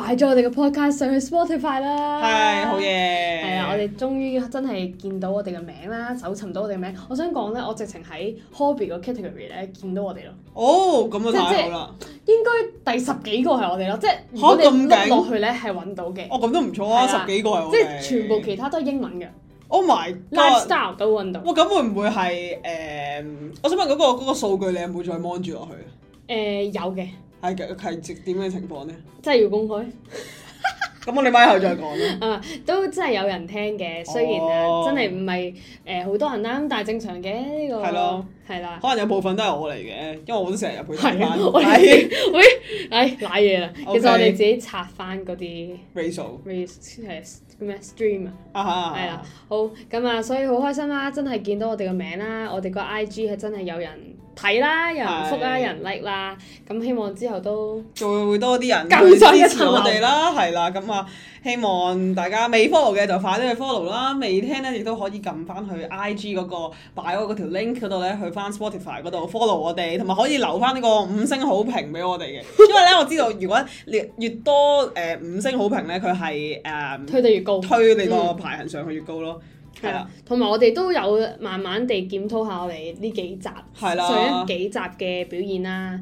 擺咗我哋個 podcast 上去 Spotify 啦，係好嘢！係啊，我哋終於真係見到我哋嘅名啦，搜尋到我哋嘅名。我想講咧，我直情喺 Hobby 個 category 咧見到我哋咯。哦，咁啊，太好啦！應該第十幾個係我哋咯，即係哈如果你碌落去咧，係揾到嘅。哦，咁都唔錯啊，的十幾個係我哋。即係全部其他都係英文嘅。Oh my God，Lifestyle 都揾到。哇、哦，咁會唔會係誒、呃？我想問嗰、那個嗰、那個數據，你有冇再 mon 住落去？誒、呃，有嘅。係，係點樣情況呢？真係要公開？咁我哋咪後再講咯。啊，都真係有人聽嘅，哦、雖然、啊、真係唔係誒好多人啦，但係正常嘅呢、呢個係咯，係啦的，的可能有部分都係我嚟嘅，因為我都成日入去睇翻。喂喂，但 哎，瀨嘢啦、哎，okay，其實我哋自己拆翻嗰啲。Rachel，咩 zo stream 啊？啊，係啦，好咁啊，所以好開心啦、啊！真係見到我哋個名啦，我哋個 IG 係真係有人。睇啦，人復、啊對 like、啦，人力 i 啦，咁希望之後都再會多啲人支持我哋啦，係 啦，咁、嗯、啊，希望大家未 follow 嘅就快啲去 follow 啦，未聽咧亦都可以撳翻去 IG 嗰、嗰個擺我嗰條 link 嗰度咧，去翻 Spotify 嗰度 follow 我哋，同埋可以留翻呢個五星好評俾我哋嘅，因為咧 我知道如果你越，越，越多誒、呃、五星好評咧，佢係誒推得越高，推你個排行上去越高咯。係啦，同埋我哋都有慢慢地檢討下我哋呢幾集上一幾集嘅表現啦，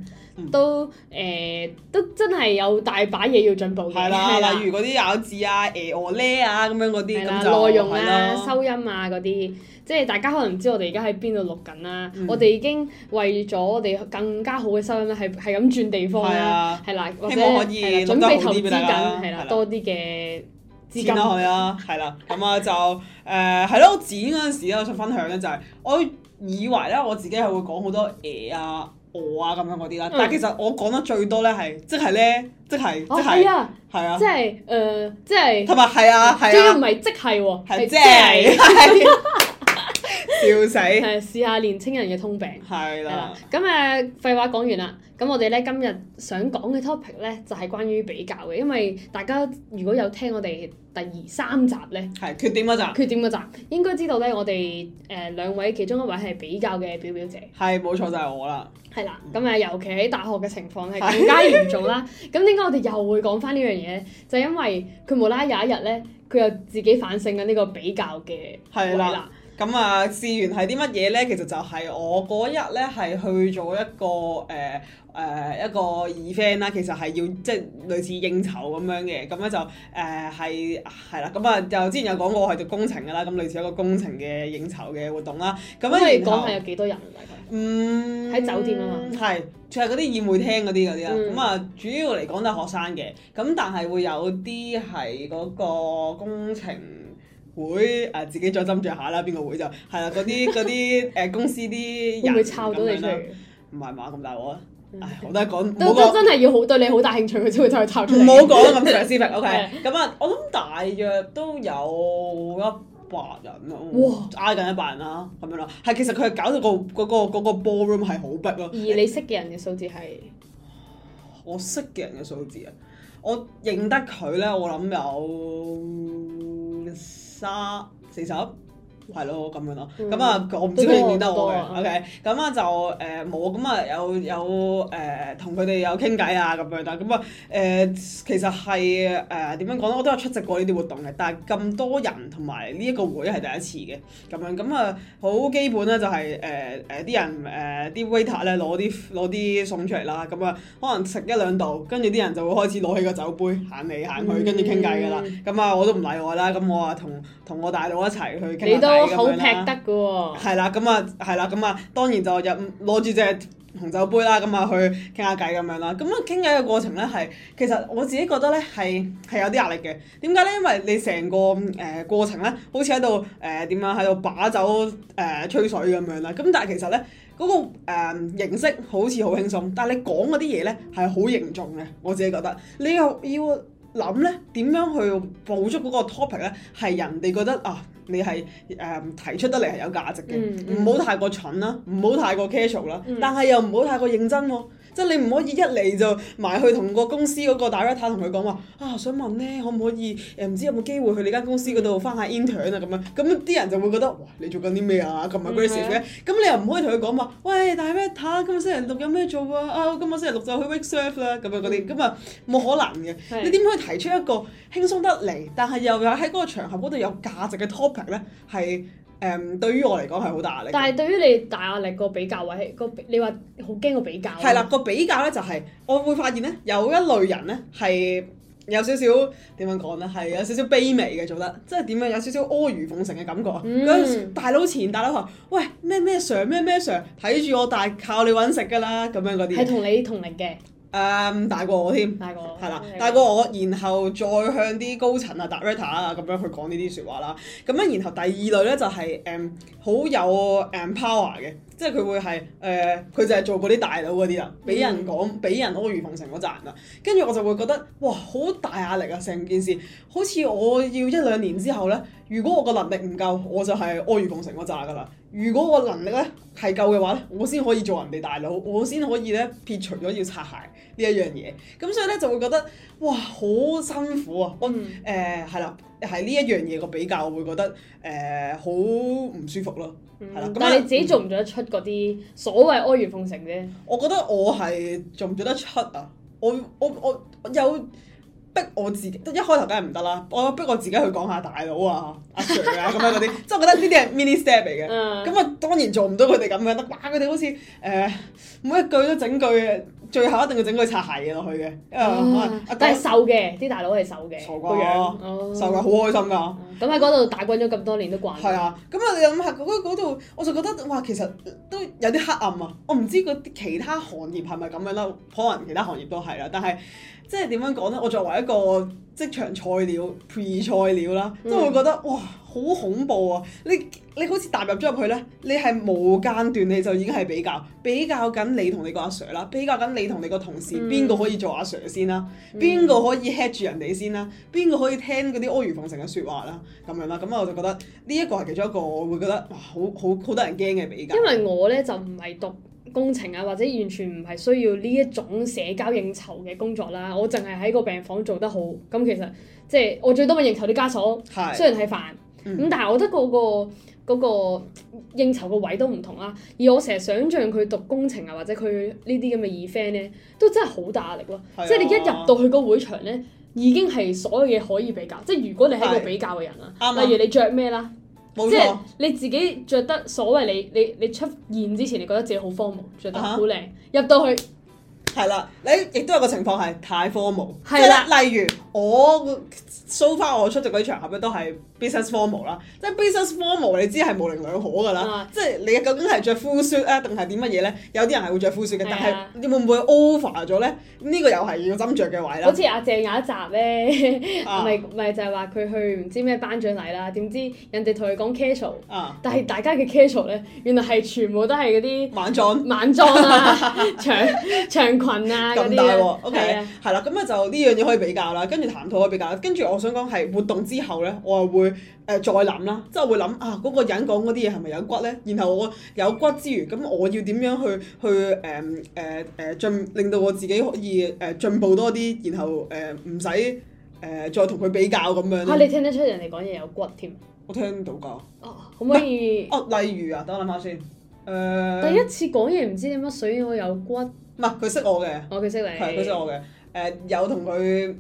都誒都真係有大把嘢要進步嘅。例如嗰啲咬字啊、誒俄咧啊咁樣嗰啲，係內容啊、收音啊嗰啲，即係大家可能唔知我哋而家喺邊度錄緊啦。我哋已經為咗我哋更加好嘅收音咧，係咁轉地方啦，係啦，或者準備投資緊，係啦多啲嘅。剪啦佢啊，係啦，咁啊就誒，係咯，剪嗰陣時咧，我想分享咧就係，我以為咧我自己係會講好多誒啊，我啊咁樣嗰啲啦，但係其實我講得最多咧係，即係咧，即係即係，係啊，即係誒，即係同埋係啊，即係唔係即係喎，係即係。笑死！係 試下年青人嘅通病。係啦的。咁誒廢話講完啦。咁我哋咧今日想講嘅 topic 咧就係、是、關於比較嘅，因為大家如果有聽我哋第二三集咧，係缺點嗰集。缺點嗰集應該知道咧，我哋誒兩位其中一位係比較嘅表表者。係，冇錯，就係、是、我啦。係啦。咁誒，尤其喺大學嘅情況係更加嚴重啦。咁點解我哋又會講翻呢樣嘢咧？就係、因為佢無啦啦有一日咧，佢又自己反省緊呢個比較嘅偉大。係啦。咁啊，事緣係啲乜嘢咧？其實就係我嗰日咧係去做一個誒誒、呃呃、一個 event 啦，其實係要即係類似應酬咁樣嘅，咁咧就誒係係啦。咁、呃、啊，就之前有講過我係做工程噶啦，咁類似一個工程嘅應酬嘅活動啦。咁可後啊，講下有幾多人大概？嗯，喺酒店啊嘛，係，就係嗰啲宴會廳嗰啲嗰啲啦。咁啊，主要嚟講都係學生嘅，咁但係會有啲係嗰個工程。inate 會誒，自己再斟酌下啦。邊個會就係啦？嗰啲啲誒公司啲人抄咁樣，唔係嘛？咁大鑊。唉，我都係講冇講真係要好對你好大興趣，佢先會走去抄你。唔好講咁上司嘅 O K。咁啊，我諗大約都有一百人咯。嗯、哇，挨緊一百人啦，咁樣啦，係其實佢係搞到、那個嗰、那個那個那個 ball room 係好逼 i 咯。而你識嘅人嘅數字係 larva: 我識嘅人嘅數字啊， 我認得佢咧，我諗有。三四十。係咯，咁樣咯，咁、嗯嗯嗯、啊，okay，呃、我唔知佢認唔認得我嘅，OK，咁啊就誒冇，咁啊有有誒同佢哋有傾偈啊咁樣啦，咁啊誒其實係誒點樣講咧？我都有出席過呢啲活動嘅，但係咁多人同埋呢一個會係第一次嘅，咁樣咁啊好基本咧就係誒誒啲人誒啲 waiter 咧攞啲攞啲餸出嚟啦，咁啊可能食一兩度，跟住啲人就會開始攞起個酒杯行嚟行去，跟住傾偈㗎啦，咁啊、嗯嗯、我都唔例外啦，咁我啊同同我大佬一齊去傾下偈。都好劈得嘅喎，係啦，咁 啊，係啦，咁、嗯、啊、嗯嗯嗯嗯，當然就入攞住隻紅酒杯啦，咁、嗯、啊、嗯、去傾下偈咁樣啦。咁啊傾偈嘅過程咧，係其實我自己覺得咧係係有啲壓力嘅。點解咧？因為你成個誒、呃、過程咧，好似喺度誒點樣喺度把酒誒、呃、吹水咁樣啦。咁但係其實咧，嗰、那個誒、呃、形式好似好輕鬆，但係你講嗰啲嘢咧係好凝重嘅。我自己覺得你要要諗咧，點樣去捕捉嗰個 topic 咧，係人哋覺得啊。呃你係誒、呃、提出得嚟係有價值嘅，唔好、嗯嗯、太過蠢啦，唔好太過 casual 啦，嗯、但係又唔好太過認真喎、哦。即係你唔可以一嚟就埋去同個公司嗰個大 retta 同佢講話，啊想問呢，可唔可以誒唔知有冇機會去你間公司嗰度返下 intern 啊咁樣，咁啲人就會覺得哇你做緊啲咩啊，咁埋 graduation 咁你又唔可以同佢講話，喂大 retta 今日星期六有咩做啊，啊今日星期六就去 wake surf 啦、啊、咁樣嗰啲，咁啊冇可能嘅，的你點可以提出一個輕鬆得嚟，但係又有喺嗰個場合嗰度有價值嘅 topic 咧係？誒，um, 對於我嚟講係好大壓力。但係對於你大壓力比比、啊嗰個比較位、就係，個你話好驚個比較。係啦，個比較咧就係我會發現咧，有一類人咧係有少少點樣講咧，係有少少卑微嘅做得，即係點樣有少少阿諛奉承嘅感覺。咁、嗯、大佬前大佬後，喂咩咩 Sir 咩咩 Sir 睇住我，大靠你揾食㗎啦咁樣嗰啲。係同你同齡嘅。誒大過我添，係啦，大過我，然後再向啲高層啊、director 啊咁樣去講呢啲説話啦。咁樣然後第二類咧就係誒好有 power 嘅，即係佢會係誒佢就係做嗰啲大佬嗰啲啦，俾、嗯、人講，俾人阿諛奉承嗰扎人啦。跟住我就會覺得哇，好大壓力啊！成件事好似我要一兩年之後咧。如果我個能力唔夠，我就係阿諛奉承嗰咋㗎喇。如果我能力咧係夠嘅話咧，我先可以做人哋大佬，我先可以咧撇除咗要擦鞋呢一樣嘢。咁所以咧就會覺得哇好辛苦啊！我誒係啦，係呢、呃、一樣嘢個比較，我會覺得誒好唔舒服咯、啊。係啦，咁但係你自己做唔做得出嗰啲所謂阿諛奉承啫、嗯？我覺得我係做唔做得出啊！我我我，我有。逼我自己，一開頭梗係唔得啦！我逼我自己去講下大佬啊、阿 Sir 啊咁、啊、樣嗰啲，即係我覺得呢啲係 mini step 嚟嘅。咁啊，當然做唔到佢哋咁樣，哇！佢哋好似誒、呃、每一句都整句最後一定要整佢擦鞋嘢落去嘅，因為可能，但係瘦嘅，啲大佬係瘦嘅，個樣瘦嘅好開心㗎。咁喺嗰度打滾咗咁多年都慣。係、嗯、啊，咁啊你諗下嗰度，我就覺得哇，其實都有啲黑暗啊！我唔知啲其他行業係咪咁樣啦，可能其他行業都係啦，但係即係點樣講咧？我作為一個。職場菜鳥、pre 菜鳥啦，都會覺得哇好恐怖啊！你你好似踏入咗入去咧，你係無間斷，你就已經係比較比較緊你同你個阿 Sir 啦，比較緊你同你個同事邊個、嗯、可以做阿 Sir 先啦，邊個、嗯、可以 head 住人哋先啦，邊個可以聽嗰啲阿諛奉承嘅説話啦，咁樣啦，咁我就覺得呢一個係其中一個我會覺得哇好好好得人驚嘅比較。因為我咧就唔係讀。工程啊，或者完全唔係需要呢一種社交應酬嘅工作啦。我淨係喺個病房做得好，咁其實即係我最多咪應酬啲家屬，是雖然係煩，咁、嗯、但係我覺得嗰、嗰個嗰、嗰個應酬個位都唔同啦。而我成日想像佢讀工程啊，或者佢呢啲咁嘅 event 咧，都真係好大壓力咯、啊。啊、即係你一入到去個會場咧，已經係所有嘢可以比較。即係如果你係一個比較嘅人啊，是例如你着咩啦？嗯即係你自己著得所謂，你你你出現之前，你覺得自己好荒謬，著得好靚、uh huh. 入到去。係啦，你亦都有個情況係太 formal，即係了例如我 so far 我出席嗰啲場合咧，都係 business formal 啦，即係 business formal 你知係模棱兩可噶啦，啊、即係你究竟係着 full suit 咧、啊，定係點乜嘢咧？有啲人係會着 full suit 嘅，的但係你會唔會 over 咗咧？呢、呢個又係要斟酌嘅位啦。好似阿鄭雅一集咧，咪咪、 啊、就係話佢去唔知咩頒獎禮啦，點知人哋同佢講 casual，啊、但係大家嘅 casual 咧，原來係全部都係嗰啲晚裝、晚裝啊、長長。長群啊，咁大喎，OK，係啦，咁啊就呢樣嘢可以比較啦，跟住談吐可以比較，跟住我想講係活動之後咧，我又會誒再諗啦，即係會諗啊嗰個人講嗰啲嘢係咪有骨咧？然後我有骨之餘，咁我要點樣去去誒誒誒進令到我自己可以誒進步多啲，然後誒唔使誒再同佢比較咁樣咧。啊，你聽得出人哋講嘢有骨添？我聽到㗎。哦，可唔可以。哦，例如啊，等我諗下先。誒。第一次講嘢唔知點乜水，我有骨。唔係佢識我嘅，佢、oh，識你，係佢識我嘅。誒、呃、有同佢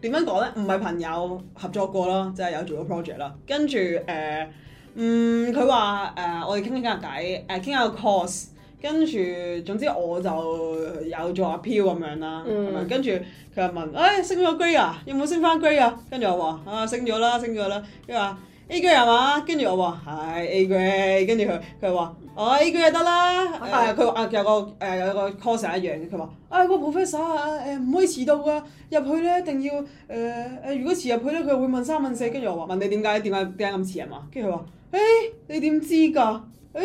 點樣講咧？唔係朋友合作過啦，就係、是、有做咗 project 啦。跟住誒，嗯，佢話誒，我哋傾傾下偈，誒傾下個 course。跟住總之我就有做阿飄咁樣啦。跟住佢又問：誒、哎、升咗 grade 啊？有冇升翻 grade 啊？跟住我話：啊，升咗啦，升咗啦。跟住話。A grade 係嘛？跟住我話係 A grade，跟住佢佢話，哦 A grade 就得啦。誒佢話，啊，有個誒有個 course 一樣嘅。佢話啊，個 professor 啊誒唔可以遲到㗎，入去咧一定要誒誒，如果遲入去咧，佢會問三問四。跟住我話問你點解點解點解咁遲呀嘛？跟住佢話，誒你點知㗎？誒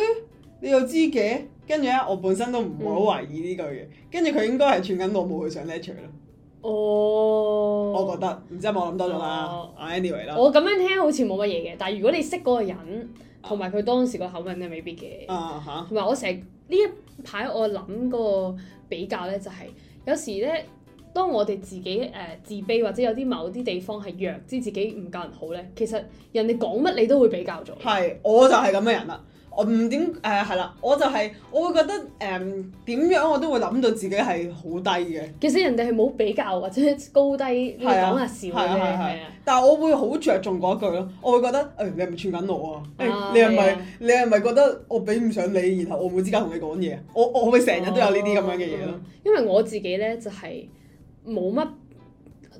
你又知嘅？跟住咧我本身都唔會好懷疑呢句嘅。跟住佢應該係串緊我冇去上 lecture 咯。哦。我覺得唔知啊，uh, anyway, 我諗多咗啦。Anyway 啦，我咁樣聽好似冇乜嘢嘅，但係如果你識嗰個人，同埋佢當時個口吻咧，未必嘅。同埋、uh huh. 我成日呢一排我諗個比較呢、就係，就係有時呢，當我哋自己誒、呃、自卑或者有啲某啲地方係弱，知自己唔夠人好呢，其實人哋講乜你都會比較咗。係，我就係咁嘅人啦。我唔點誒係啦，我就係我會覺得誒點樣我都會諗到自己係好低嘅。其實人哋係冇比較或者高低講下笑，但係我會好着重嗰句咯。我會覺得、呃、會的你係咪串緊我，我、哎、是是我啊？欸、你係咪的你係咪覺得我比唔上你？然後我冇資格同你講嘢，我我會成日都有呢啲咁樣嘅嘢咯。因為我自己呢就係冇乜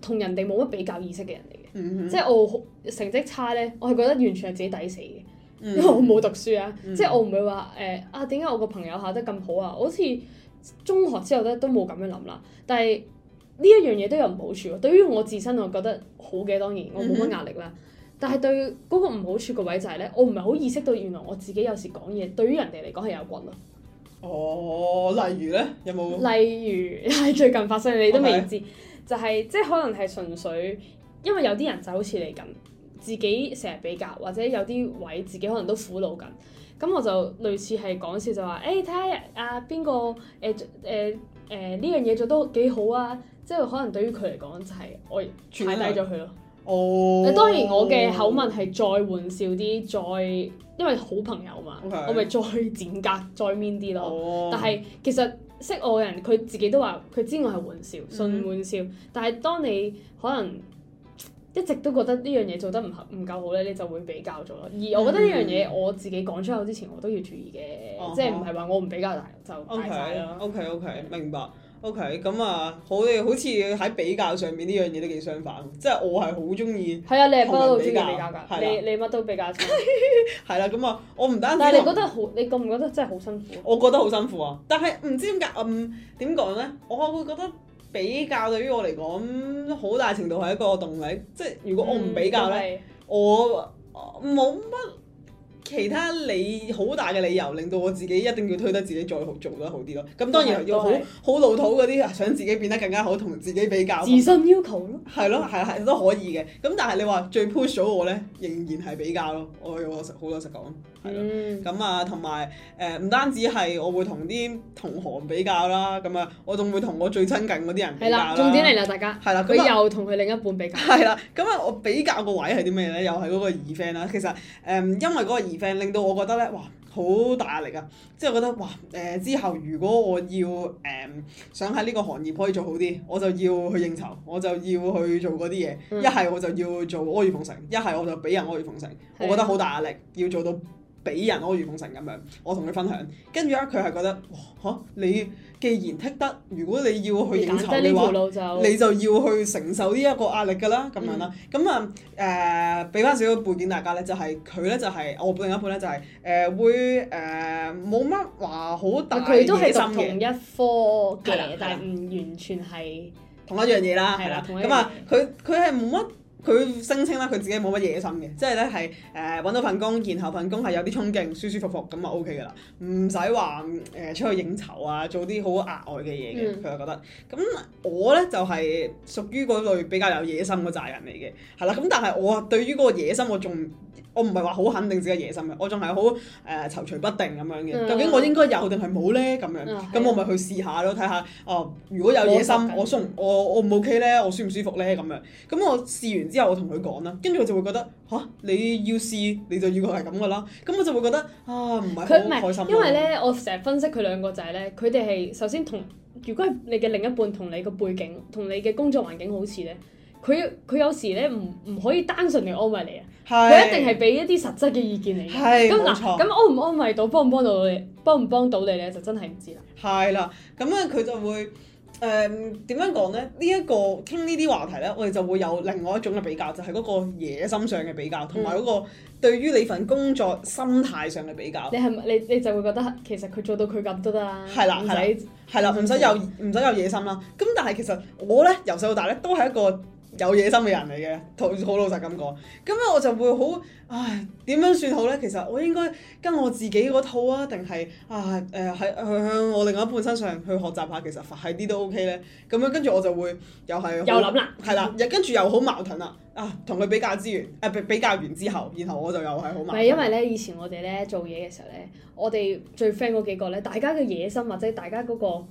同人哋冇乜比較意識嘅人嚟嘅，即係、嗯、哼我成績差呢，我係覺得完全係自己抵死嘅。嗯嗯、因為我冇讀書、嗯呃、啊，即係我唔會話誒啊，點解我個朋友考得咁好啊？好似中學之後咧都冇咁樣諗啦。但係呢一樣嘢都有唔好處。對於我自身，我覺得好嘅，當然我冇乜壓力啦。嗯、哼但係對嗰個唔好處個位就係、是、咧，我唔係好意識到原來我自己有時講嘢，對於人哋嚟講係有棍咯。哦，例如咧有冇？例如係最近發生你都未知，Okay. 就係、是、即係可能係純粹因為有啲人就好似你咁。自己成日比較，或者有啲位自己可能都苦惱緊，咁我就類似係講笑就話，誒睇下呀邊個誒誒誒呢樣嘢做得幾好啊，即係可能對於佢嚟講就係我排低咗佢咯。哦，oh. 當然我嘅口吻係再玩笑啲，再因為好朋友嘛，Okay. 我咪再剪格再 mean 啲咯。Oh. 但係其實識我嘅人，佢自己都話佢知我係玩笑，純玩笑。Mm. 但係當你可能。一直都覺得呢樣嘢做得唔唔夠好咧，你就會比較咗咯。而我覺得呢樣嘢我自己講出口之前，我都要注意嘅，uh huh. 即係唔係話我唔比較大就大。O K O K O K 明白。O K 咁啊，我哋好似喺比較上面呢樣嘢都幾相反，即係我係好中意。係啊，你係唔同比較，你你乜都比較。係 啦，咁啊，我唔單。但係你覺得好？你覺唔覺得真係好辛苦？我覺得好辛苦啊！但係唔知點解，嗯，點講咧？我會覺得。比較對於我嚟講，好大程度係一個動力。即係如果我唔比較咧、嗯就是，我冇乜其他理，好大嘅理由，令到我自己一定要推得自己再好做得好啲咯。咁當然要好好老土嗰啲，想自己變得更加好同自己比較，自信要求咯。係咯，係係都可以嘅。咁但係你話最 push 咗我咧，仍然係比較咯。我有實好多嘢講。係咯，咁啊，同埋誒唔單止係我會同啲同行比較啦，咁啊，我仲會同我最親近嗰啲人比較啦。重點嚟啦，大家。係啦，佢、啊、又同佢另一半比較。係啦，咁啊，啊，我比較個位係啲咩呢？又係嗰個 event 啦。其實誒、呃，因為嗰個 event 令到我覺得呢，哇，好大壓力啊！即、就、係、是、覺得哇，誒、呃、之後如果我要誒、呃、想喺呢個行業可以做好啲，我就要去應酬，我就要去做嗰啲嘢。一係、嗯、我就要做阿諛奉承，一係我就俾人阿諛奉承。我覺得好大壓力，要做到。俾人柯如奉承咁樣，我同佢分享，跟住咧佢係覺得，嚇、啊、你既然剔得，如果你要去應酬嘅話，就你就要去承受呢一個壓力㗎啦，咁樣啦。咁啊誒，俾翻少少背景大家咧，就係佢咧就係、是、我另一半咧就係、是、誒、呃、會誒冇乜話好大野心嘅。佢、嗯、都係讀同一科嘅，但係唔完全係同一樣嘢啦，係啦。咁啊，佢佢係冇乜。嗯佢聲稱啦，佢自己冇乜野心嘅，即係咧係誒揾到份工，然後份工係有啲衝勁，舒舒服服咁就 O K 嘅啦，唔使話誒出去應酬啊，做啲好額外嘅嘢嘅，佢、mm. 就覺得。咁我咧就係、是、屬於嗰類比較有野心嗰扎人嚟嘅，係啦。咁但係我對於嗰個野心我，我仲我唔係話好肯定自己野心嘅，我仲係好誒躊躇不定咁樣嘅。Mm. 究竟我應該有定係冇咧？咁樣咁、mm. 我咪去試下咯，睇下哦。如果有野心，我鬆我我唔 O K 咧，我舒唔舒服咧？咁樣咁我試完。之後我同佢講啦，跟住佢就會覺得吓，你要試你就預告係咁噶啦，咁我就會覺得，會覺得啊唔係好開心咯。佢唔係因為咧，為我成日分析佢兩個仔、就、咧、是，佢哋係首先同如果係你嘅另一半同你個背景同你嘅工作環境好似咧，佢佢有時咧唔唔可以單純地安慰你啊，佢係一定係俾一啲實質嘅意見你。係冇錯。咁安唔安慰到，幫唔幫到你，幫唔幫到你咧，就真係唔知啦。係啦，咁啊佢就會。誒點、呃、樣講呢？呢、這、一個傾呢啲話題呢，我哋就會有另外一種嘅比較，就係、是、嗰個野心上嘅比較，同埋嗰個對於你份工作心態上嘅比較。你係咪你你就會覺得其實佢做到佢咁都得啦？係啦，唔使係啦，唔使有唔使有野心啦。咁 但係其實我呢，由細到大呢，都係一個有野心嘅人嚟嘅，好老實咁講，咁樣我就會好，唉，點樣算好呢？其實我應該跟我自己嗰套啊，定係啊誒喺、呃、向我另外一半身上去學習下，其實佛系啲都 OK 呢。咁樣跟住我就會又係，又諗啦，係啦，跟住又好矛盾啊！啊，同佢比較之餘、呃，比較完之後，然後我就又係好矛盾。係因為呢，以前我哋呢做嘢嘅時候呢，我哋最 friend 嗰幾個呢，大家嘅野心或者大家嗰、嗰個。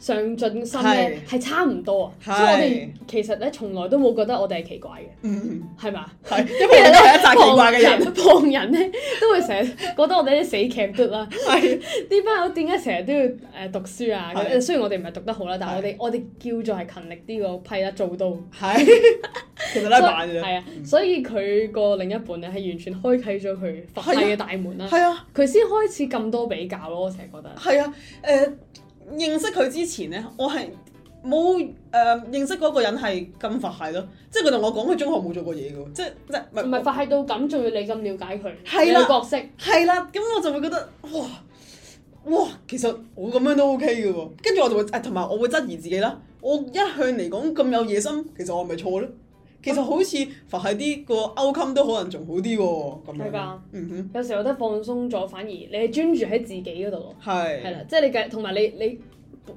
上進心咧係差唔多啊，所以我哋其實咧從來都冇覺得我哋係奇怪嘅，係嘛？因為都係一紮奇怪嘅人，一幫人咧都會成日覺得我哋啲死劇啲啦。呢班友點解成日都要誒讀書啊？雖然我哋唔係讀得好啦，但係我哋我哋叫做係勤力啲嗰批啦。做到。係，其實都係扮啫。係啊，所以佢個另一半咧係完全開啟咗佢發勢嘅大門啦。係啊，佢先開始咁多比較咯，我成日覺得係啊，誒。認識佢之前咧，我係冇誒認識嗰個人係咁佛系咯，即係佢同我講佢中學冇做過嘢嘅，即係唔係唔係佛系到咁，仲我要你咁了解佢嘅的角色，係啦，咁我就會覺得哇哇，其實我咁樣都 OK 嘅喎，跟住我就會誒同埋我會質疑自己啦，我一向嚟講咁有野心，其實我係咪錯咧？其實好似發喺啲個 outcome，都可能仲好啲喎，咁樣。係嗯哼，有時候覺得放鬆咗，反而你係專注喺自己嗰度。係。係啦，即係你嘅，同埋你你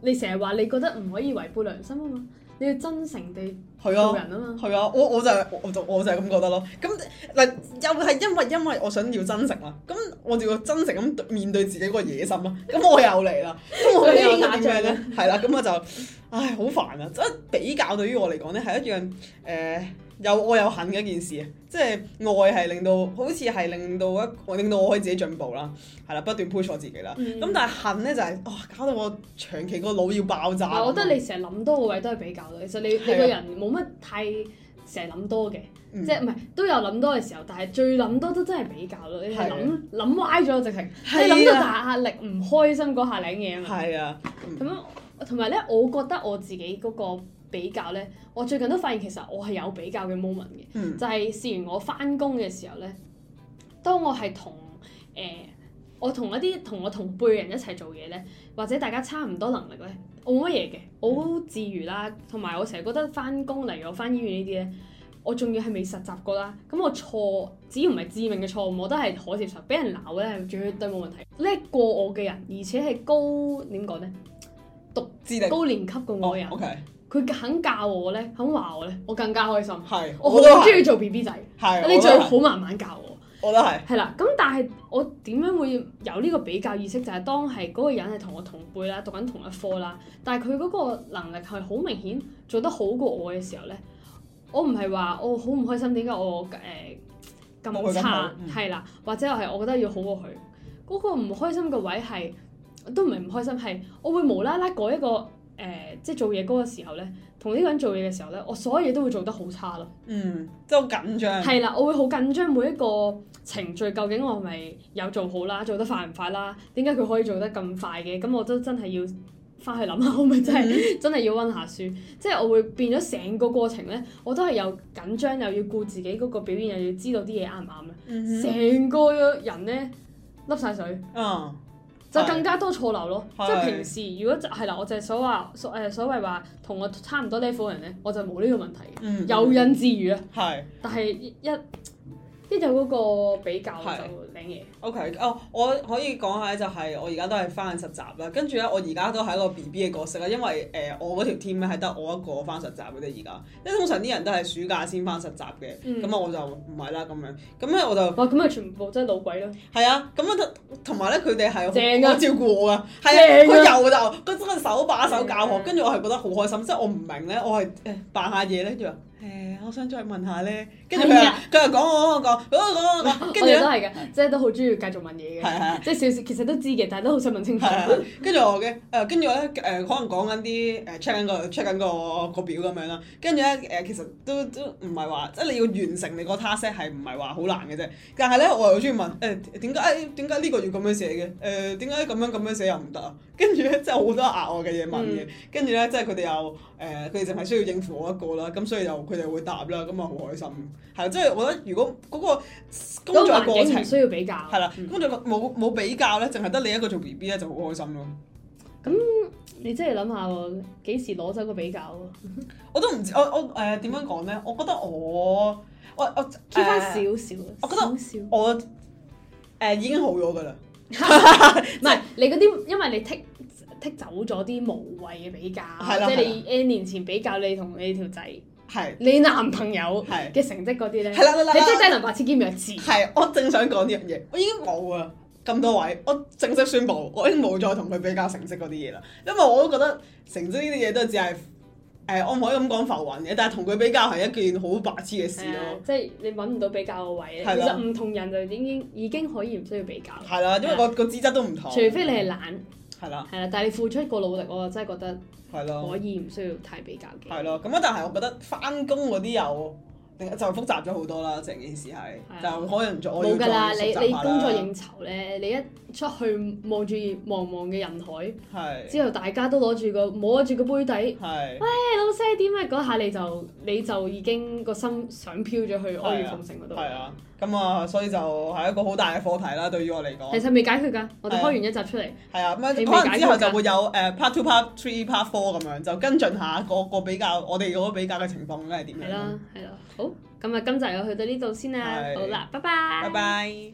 你成日話你覺得唔可以違背良心啊嘛。你要真誠地做人啊嘛，係啊，啊，我我就係、係、我，我就我就係咁覺得咯。咁嗱，又係因為因為我想要真誠啦。咁我就要真誠咁面對自己個野心啦。咁我又嚟啦。咁我呢又係點樣咧？係啦，咁我就唉好煩啊！即比較對於我嚟講咧係一樣誒。呃有愛有恨嘅一件事，即係愛係令到好似係令到一令到我可以自己進步啦，係啦，不斷 push 我自己啦。咁、嗯、但係恨咧就係、是、哇，搞、哦、到我長期個腦要爆炸。我覺得你成日諗多個位都係比較咯。其實你你個人冇乜太成日諗多嘅，是的 嗯、即係唔係都有諗多嘅時候，但係最諗多都真係比較咯。你係諗諗歪咗直情，是的 你係諗到大壓力唔開心嗰下領嘢啊嘛。係啊是的 的。咁同埋咧，我覺得我自己嗰、那個。比較呢，我最近都發現其實我係有比較嘅 moment 嘅，嗯、就係試完我翻工嘅時候呢，當我係同誒我同一啲同我同輩人一齊做嘢呢，或者大家差唔多能力呢，冇乜嘢嘅，我好自如啦。同埋我成日覺得翻工嚟我翻醫院呢啲呢，我仲要係未實習過啦。咁我錯，只要唔係致命嘅錯誤，我都係可接受。俾人鬧呢，絕對冇問題。叻過我嘅人，而且係高點講呢，定高年級嘅我人。Oh, okay. 佢肯教我咧，肯話我咧，我更加開心。係，我好中意做 BB 仔。係，你最好慢慢教我。我都係。係啦，咁但係我點樣會有呢個比較意識？就係當係嗰個人係同我同輩啦，讀緊同一科啦，但係佢嗰個能力係好明顯做得好過我嘅時候咧，我唔係話我好唔開心，點解我誒咁差？係啦，或者係我覺得要好過佢。嗰個唔開心嘅位係，都唔係唔開心，係我會無啦啦改一個。誒、呃，即係做嘢嗰個時候呢，同呢個人做嘢嘅時候呢，我所有嘢都會做得好差咯。嗯，都好緊張。係啦，我會好緊張每一個程序，究竟我係咪有做好啦？做得快唔快啦？點解佢可以做得咁快嘅？咁我都真係要翻去諗下，我咪、就係嗯、 真係真係要温下書。即係我會變咗成個過程呢，我都係又緊張，又要顧自己嗰個表現，又要知道啲嘢啱唔啱啦。成、嗯、哼個人呢，笠曬水。哦。 就更加多錯漏咯，是即係平時如果就係啦，我就係所話誒所謂話同我差唔多 level 嘅人咧，我就冇呢個問題嘅，悠然自如啊， 但係一。 即係就嗰個比較就拎嘢。OK，哦、oh，我可以講下咧，就係我而家都係翻實習啦。跟住咧，我而家都係一個 B B 嘅角色啦，因為誒、呃、我嗰條 team 咧係得我一個翻實習嘅啫而家。因為通常啲人都係暑假先翻實習嘅，咁啊、嗯、我就唔係啦咁樣。咁咧我就哇，咁咪全部真係老鬼咯。係啊，咁啊同埋咧，佢哋係好正啊、照顧我啊。係啊，佢又就係，佢真係手把手教學，跟住、啊、我係覺得好開心。即係我唔明咧，我係扮、欸、下嘢咧，跟住。誒、嗯，我想再問下咧，跟住佢啊，佢又講講講我講講講講，我哋的都係嘅，即係都好中意繼續問嘢嘅，係係的，即係少少其實都知嘅，但係都好想問清楚。跟住、嗯、 我嘅，誒，跟住咧，誒，可能講緊啲，誒，check 緊個 check 緊個個表咁樣啦。跟住咧，誒、呃，其實都都唔係話，即係你要完成你個 task 係唔係話好難嘅啫？但係咧，我又好中意問誒點解點解呢個要咁樣寫嘅？誒點解咁樣咁樣寫又唔得啊？跟住咧，真係好多額外嘅嘢問嘅。跟住咧，即係佢哋又誒，佢哋淨係需要應付我一個啦。咁所以又。佢哋會答啦，咁啊好開心，係即係我覺得如果嗰個工作過程唔需要比較，係啦，工作冇冇比較咧，淨係得你一個做 B B 咧，就好開心咯。咁你即係諗下喎，幾時攞走個比較？我都唔知，我我誒點樣講咧？我覺得我我我剔翻少少，我覺得我誒已經好咗㗎啦。唔係你嗰啲，因為你剔剔走咗啲無謂嘅比較，即係你 N 年前比較你同你條仔。係是你男朋友嘅成績嗰啲咧，你真係真能白痴兼弱智。係，我正想講呢樣嘢，我已經冇啊咁多位，我正式宣布，我已經冇再同佢比較成績嗰啲嘢啦。因為我都覺得成績呢啲嘢都只係誒、呃，我唔可以咁講浮雲嘅。但係同佢比較係一件好白痴嘅事咯、啊，即係你揾唔到比較嘅位的，其實唔同人就已經已經可以唔需要比較。係啦，因為個個資質都唔同。除非你係懶。係啦，係啦，但係你付出一個努力，我真係覺得係咯，可以唔需要太比較嘅。係咯，咁啊，但係我覺得翻工嗰啲又就複雜咗好多啦，成件事係。但可能做冇㗎啦，你你工作應酬咧，嗯、你一出去望住茫茫嘅人海，係的，之後大家都攞住個摸住個杯底，係的，喂，老細點解嗰下你就你就已經個心想飄咗去阿諛奉承嗰度，係啊。咁啊、嗯，所以就係一個好大嘅課題啦，對於我嚟講。其實未解決㗎，我哋開完一集出嚟。係啊，咁開完、啊、之後就會有誒 Part Two、Part Three、Part Four 咁樣，就跟進下個個比較，我哋嗰個比較嘅情況應該係點樣？係咯、啊，係咯、啊，好，咁啊，今集又去到呢度先啦，是好啦，拜拜，拜拜。